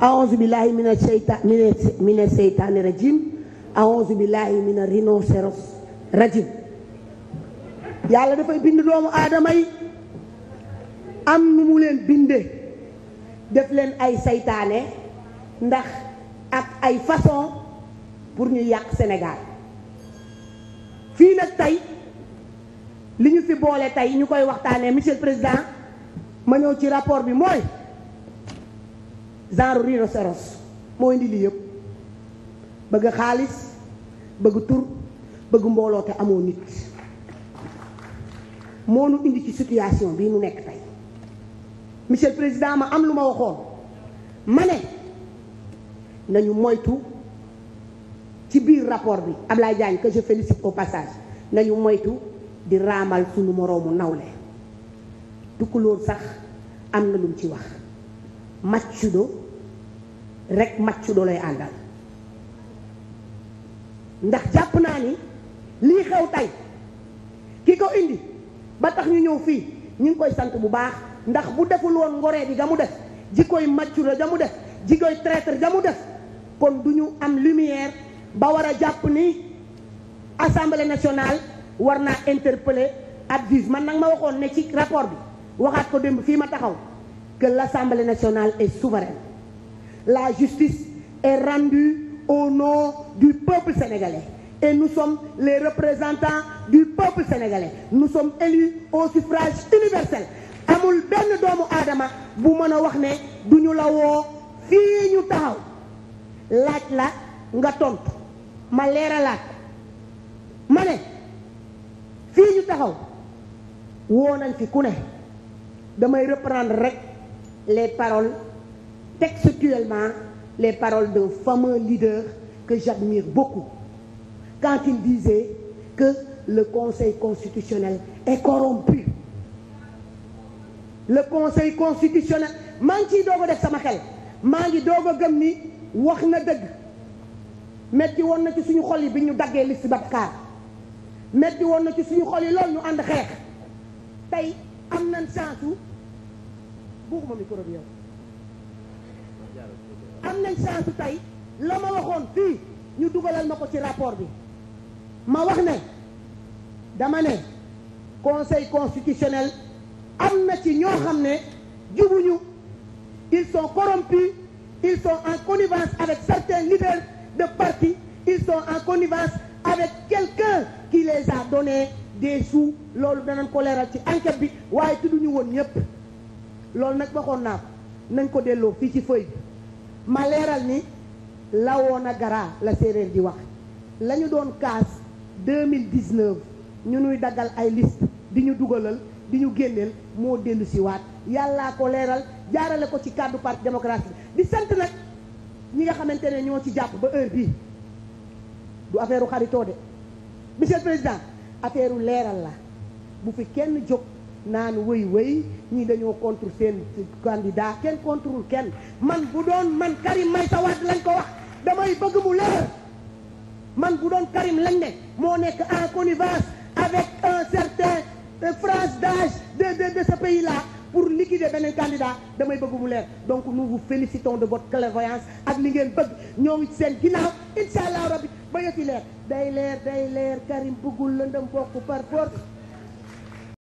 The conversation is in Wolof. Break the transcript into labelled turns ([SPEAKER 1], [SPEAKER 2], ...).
[SPEAKER 1] aouzu billahi mina seytaan mina seytaani rajim aouzu billahi mina rhinocéros rajim yàlla dafay bind doomu aadama yi am nu mu leen binde def leen ay seytaane ndax ak ay façon pour ñu yàq Sénégal fii nag tey li ñu fi boole tey ñu koy waxtaanee monsieur président ma ci rapport bi mooy genre rhinocéros moo indi lii yëpp bëgg xaalis bëgg tur bëgg mbooloo te amoo nit moo nu indi ci situation bii nu nekk tey monsieur président ma am lu ma waxoon ma ne nañu moytu ci biir rapport bi Ablaye Diagne que je félicite au passage nañu moytu di raamal sunu moroomu nawle du ko sax am na lu ci wax match judo rek match lay àndal ndax jàpp naa ni lii xew tey ki ko indi ba tax ñu ñëw fii ñu ngi koy sant bu baax ndax bu deful woon ngoree bi ga mu def jikkoy match judo mu def jikkoy traître ga mu def kon du ñu am lumière ba war a jàpp ni assemblée nationale war naa interpeller at man nag ma waxoon ne ci rapport bi waxaat ko démb fii ma taxaw que l'Assemblée nationale est souveraine. La justice est rendue au nom du peuple sénégalais. Et nous sommes les représentants du peuple sénégalais. Nous sommes élus au suffrage universel. amul benn doomu aadama bu mën a wax ne du ñu la woo fii ñu taxaw laaj la nga tontu ma leeralaat ma ne fii ñu taxaw woo nañ fi ku ne damay reprendre rek les paroles textuellement les paroles d'un fameux leader que j'admire beaucoup quand il disait que le Conseil constitutionnel est corrompu le Conseil constitutionnel maa ngi ciy doog a def sama xel maa ngi doog a gëm ni wax na dëgg metti woon na ci suñu xol yi bi ñu daggee liste Babacar metti woon na ci suñu xol yi loolu ñu ànd xeex tey am na chance buuxuma micro bi am nañ chance tey la ma waxoon fii ñu dugalal ma ko ci rapport bi ma wax ne dama ne conseil constitutionnel am na ci ñoo xam ne jubuñu ils sont corrompus ils sont en connivence avec certains leaders de parti ils sont en connivence avec quelqu'un qui les a donné des sous loolu danañ ko ci enquête bi waaye tudduñu woon ñëpp loolu nag waxoon naa nañ ko delloo fii ci feuille bi ma leeral ni lawoon a garaa la séeréer di wax lañu doon kaas 2019 ñu nuy daggal ay liste di ñu dugalal di ñu génneel moo dellu si waat yàllaa ko leeral jaarale ko ci kàddu parti démocratique di sant nag ñi nga xamante ne ñoo ci jàpp ba heure bii du affaire xaritoo de monsieur le président affaire leeral la bu fi kenn jóg naan wëy wëy ñii dañoo contre seen candidat kenn contrewul kenn man bu doon man Karim Meïssa Wade lañ ko wax damay bëgg mu leer man bu doon Karim lañ ne moo nekk en connivence avec un certain euh, France d'âge de de de pays là pour liquider beneen candidat damay bëgg mu leer donc nous vous félicitons de votre clairvoyance ak li ngeen bëgg ñoo ngi seen ginnaaw incha allah ba yëfi leer day leer day leer Karim bëggul lëndëm bokk par force